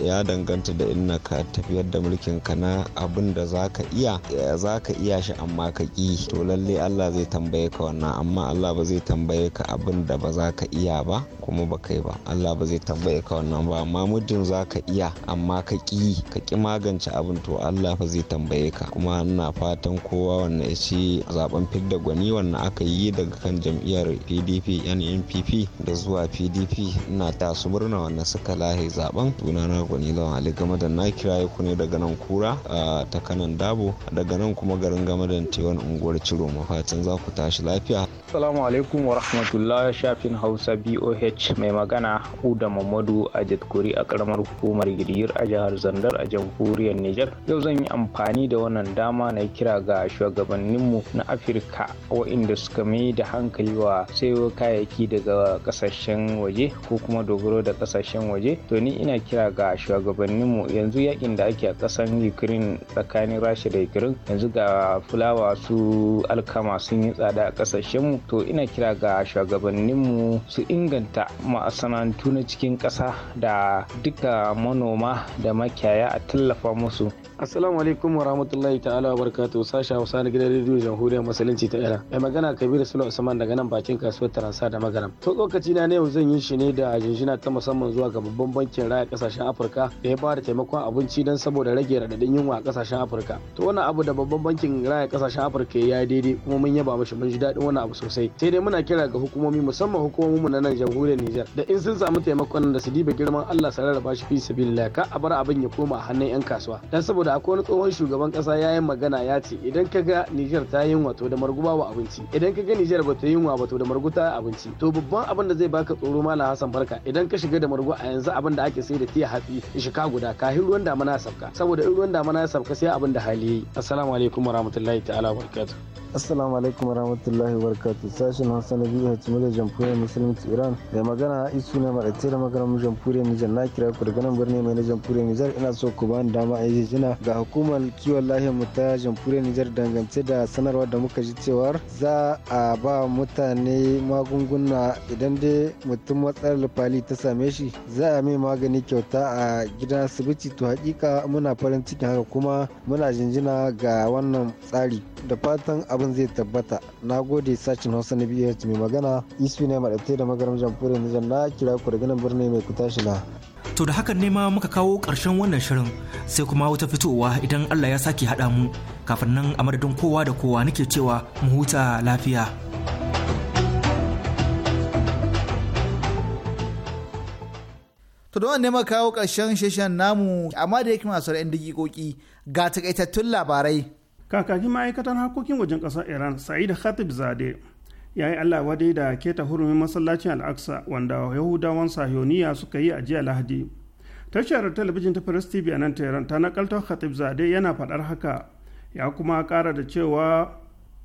ya danganta da inna ka tafiyar da mulkin ka na abin da zaka iya zaka iya shi amma ka ki to lalle Allah zai tambaye ka wannan amma Allah ba zai tambaye ka abin da ba za ka iya ba kuma ba kai ba Allah ba zai tambaye ka wannan ba amma muddin za ka iya amma ka ki ka ki magance abin to Allah ba zai tambaye ka kuma ina fatan kowa wannan ya ce zaben fidda gwani wannan aka yi daga kan jam'iyyar PDP NNPP da zuwa pdp ina ta su murna wanda suka lahe zaben tunana gwani lawan ali game da na kiraye ku ne daga nan kura a kanan dabo daga nan kuma garin game da tewan unguwar ciro mafatin za ku tashi lafiya Assalamu alaikum wa rahmatullah shafin Hausa BOH mai magana Uda Mamadu a jadkuri a karamar hukumar Girgir a jihar Zandar a jamhuriyar niger Yau zan yi amfani da wannan dama na kira ga shugabanninmu na Afirka inda suka mai da hankali wa sayo kayayyaki daga kasashen waje ko kuma dogaro da kasashen waje to ni ina kira ga shugabanninmu yanzu yakin da ake a kasan ukraine tsakanin rasha da ukraine yanzu ga fulawa su alkama sun yi tsada a mu to ina kira ga shugabanninmu su inganta masana'antu na cikin ƙasa da duka manoma da makiyaya a tallafa musu assalamu alaikum wa rahmatullahi ta'ala wa barakatu sasha hausa na gidan rediyo jamhuriyar musulunci ta iran mai magana kabiru sulu usman daga nan bakin kasuwar taransa da magaram to lokaci na yau zan yi shi ne da jinjina ta musamman zuwa ga babban bankin raya kasashen afirka da ya bada taimakon abinci don saboda rage radadin yunwa a kasashen afirka to wani abu da babban bankin raya kasashen afirka ya yi daidai kuma mun yaba mashi mun ji daɗin wannan abu sosai sai dai muna kira ga hukumomi musamman mu na nan jamhuriyar nijar da in sun samu taimakon da su diba girman allah su rarraba shi fi sabilillah ka a bar abin ya koma a hannun yan kasuwa don saboda akwai wani tsohon shugaban kasa ya yi magana ya ce idan ka ga nijar ta yunwa to da marguba wa abinci idan ka ga nijar ba ta yunwa ba da marguta abinci to babban babban abin da zai baka tsoro malam Hassan Barka idan ka shiga da margo a yanzu abin da ake sai da tiya hatsi shika guda hin ruwan damana ya sauka saboda in ruwan damana ya sauka sai abin da hali yayi assalamu alaikum warahmatullahi ta'ala wabarakatuh assalamu alaikum warahmatullahi wabarakatuh sashen hausa na biyu da jamhuriyar musulunci iran da magana isu na maɗace da maganar jamhuriyar nijar na kira ku daga nan birni mai na jamhuriyar nijar ina so ku bani dama a yi jina ga hukumar kiwon lahiyar mu ta jamhuriyar nijar dangance da sanarwar da muka ji cewar za a ba mutane magunguna idan dai mutum matsalar fali ta same shi za a mai magani kyauta a gidan asibiti to hakika muna farin ciki haka kuma muna jinjina ga wannan tsari da fatan abu abin zai tabbata na gode sashen hausa na biyu mai magana isu ne maɗatai da magaram na jan na kira ku daga nan birni mai ku tashi na To da hakan ma muka kawo karshen wannan shirin sai kuma wata fitowa idan Allah ya sake haɗa mu kafin nan a madadin kowa da kowa nake cewa mu huta lafiya. To da wannan ma kawo karshen sheshen namu amma da yake masu 'yan dakikoki ga takaitattun labarai. kakakin ma'aikatan harkokin wajen ƙasar iran sa'id khatib zade ya yi allah wadai da keta hurumin masallacin al'aksa wanda yahudawan sahioniya suka yi a jiya lahadi tashar talabijin ta press tv a nan tehran ta nakaltar khatib zade yana faɗar haka ya kuma ƙara da cewa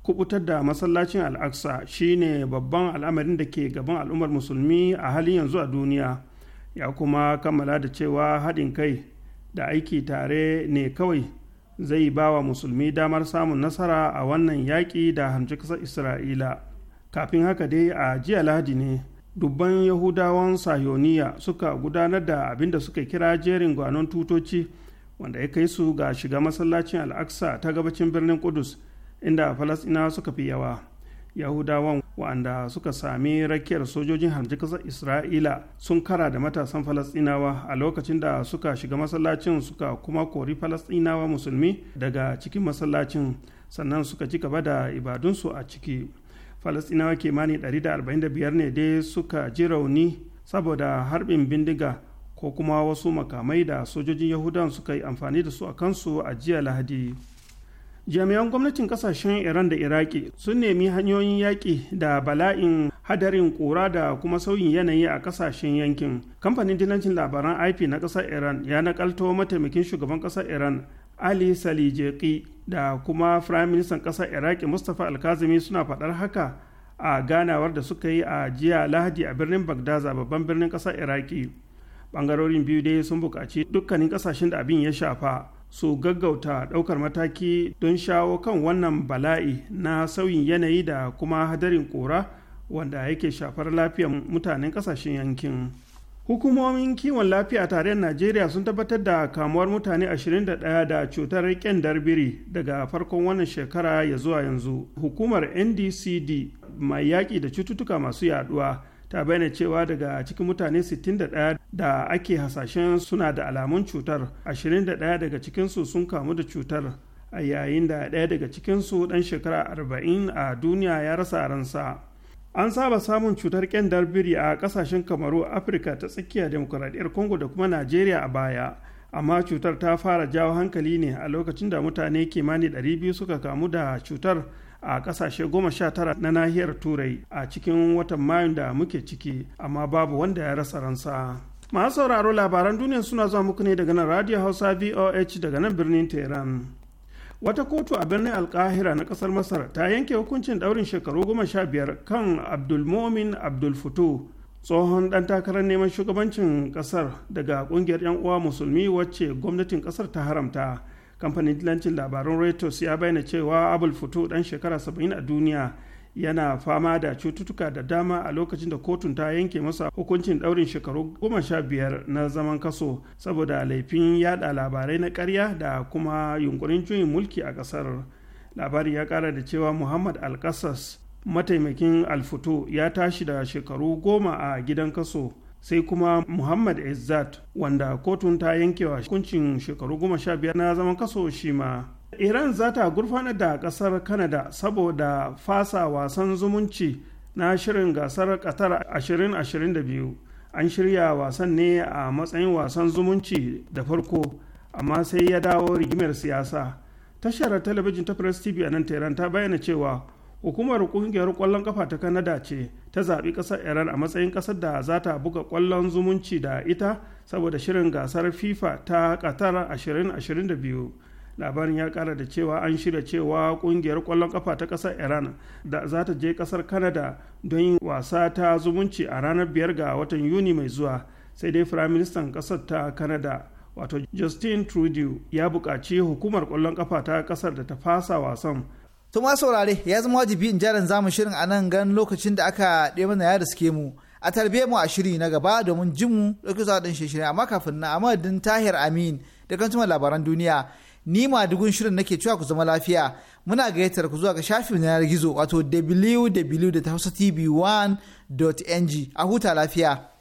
kubutar da masallacin al'aqsa shine babban al'amarin da ke gaban al'ummar musulmi a halin yanzu a duniya ya kuma kammala da cewa haɗin kai da aiki tare ne kawai zai ba wa musulmi damar samun nasara a wannan yaƙi da hamci ƙasar isra'ila kafin haka dai a jiya lahadi ne dubban yahudawan sayoniya suka gudanar da abin da suka kira jerin gwanon tutoci wanda ya kai su ga shiga masallacin al'aksa ta gabacin birnin kudus inda falasɗina suka fi yawa yahudawan wa'anda suka sami rakiyar sojojin hamji kasar isra'ila sun kara da matasan falasɗinawa a lokacin da suka shiga masallacin suka kuma kori falasɗinawa musulmi daga cikin masallacin sannan suka ci gaba da ibadunsu a ciki falasɗinawa kimanin 145 ne dai suka ji rauni saboda harbin bindiga ko kuma wasu makamai da sojojin Yahudawan suka yi amfani da su a kansu a jiya lahadi jami'an gwamnatin kasashen iran da iraki sun nemi hanyoyin yaƙi da bala'in hadarin ƙura da kuma sauyin yanayi a kasashen yankin kamfanin dinancin labaran ip na ƙasar iran ya nakalto mataimakin shugaban ƙasar iran ali salijeki da kuma firayim ministan ƙasar iraki mustapha alkazimi suna faɗar haka a ganawar da suka yi a jiya lahadi a birnin bagdaza babban birnin ƙasar iraki bangarorin biyu dai sun buƙaci dukkanin ƙasashen da abin ya shafa su gaggauta ɗaukar mataki don shawo kan wannan bala'i na sauyin yanayi da kuma hadarin ƙura wanda yake shafar lafiyar mutanen ƙasashen yankin hukumomin kiwon lafiya a tarayyar najeriya sun tabbatar da kamuwar mutane 21 da cutar ƙyandar biri daga farkon wannan shekara ya zuwa yanzu hukumar ndcd mai yaƙi da cututtuka masu yaduwa ta bayyana cewa daga cikin mutane 61 da ake hasashen suna da alamun cutar 21 daga cikinsu sun kamu da cutar a yayin da ɗaya daga cikinsu ɗan shekara 40 a duniya ya rasa ransa an saba samun cutar kyandar biri a ƙasashen kamaru afirka ta tsakiya demokuraɗiyar congo da kuma najeriya a baya amma cutar ta fara jawo hankali ne a lokacin da mutane kimanin 200 suka kamu da cutar a kasashe goma sha tara na nahiyar turai a cikin watan mayun da muke ciki amma babu wanda ya rasa ransa masu sauraro labaran duniya suna zuwa muku ne daga nan radio hausa voh daga nan birnin tehran wata kotu a birnin alkahira na kasar masar ta yanke hukuncin daurin shekaru goma sha biyar kan abdulmomin abdulfutu tsohon dan takarar neman shugabancin kasar daga kungiyar 'yan uwa musulmi wacce gwamnatin kasar ta haramta kamfanin dilancin labarun reuters ya bayyana cewa abul futu dan shekara 70 a duniya yana fama da cututtuka da dama a lokacin da kotun ta yanke masa hukuncin daurin shekaru goma sha biyar na zaman kaso saboda laifin yada labarai na karya da kuma yunkurin juyin mulki a kasar labari ya kara da cewa muhammad alkasas mataimakin alfuto ya tashi da shekaru goma a gidan kaso sai kuma muhammad izzat wanda kotun ta yankewa hukuncin shekaru goma sha biyar na zaman kaso shi ma iran za ta gurfana da kasar canada saboda fasa wasan zumunci na shirin gasar qatar 2022 an shirya wasan ne a matsayin wasan zumunci da farko amma sai ya dawo rigimar siyasa tashar talabijin ta press tv a nan tehran ta bayyana cewa hukumar kungiyar kwallon kafa ta kanada ce ta zaɓi ƙasar iran a matsayin ƙasar da za ta buga kwallon zumunci da ita saboda shirin gasar fifa ta da 2022 labarin ya ƙara da cewa an shirya cewa kungiyar kwallon kafa ta ƙasar iran da za ta je ƙasar kanada don yin wasa ta zumunci a ranar 5 ga watan yuni mai zuwa sai dai firaministan ƙasar ta kanada wato justin trudeau ya buƙaci hukumar kwallon kafa ta ƙasar da ta fasa wasan To ma saurare ya zama wajibi in jaran zamu shirin a nan gan lokacin da aka ɗaya mana ya riske mu a tarbe mu a shiri na gaba domin jin mu ɗauki zuwa ɗan shirye amma kafin na amadin tahir amin da kan labaran duniya ni ma dugun shirin nake cewa ku zama lafiya muna gayyatar ku zuwa ga shafin yanar gizo wato www.hausatv1.ng a huta lafiya.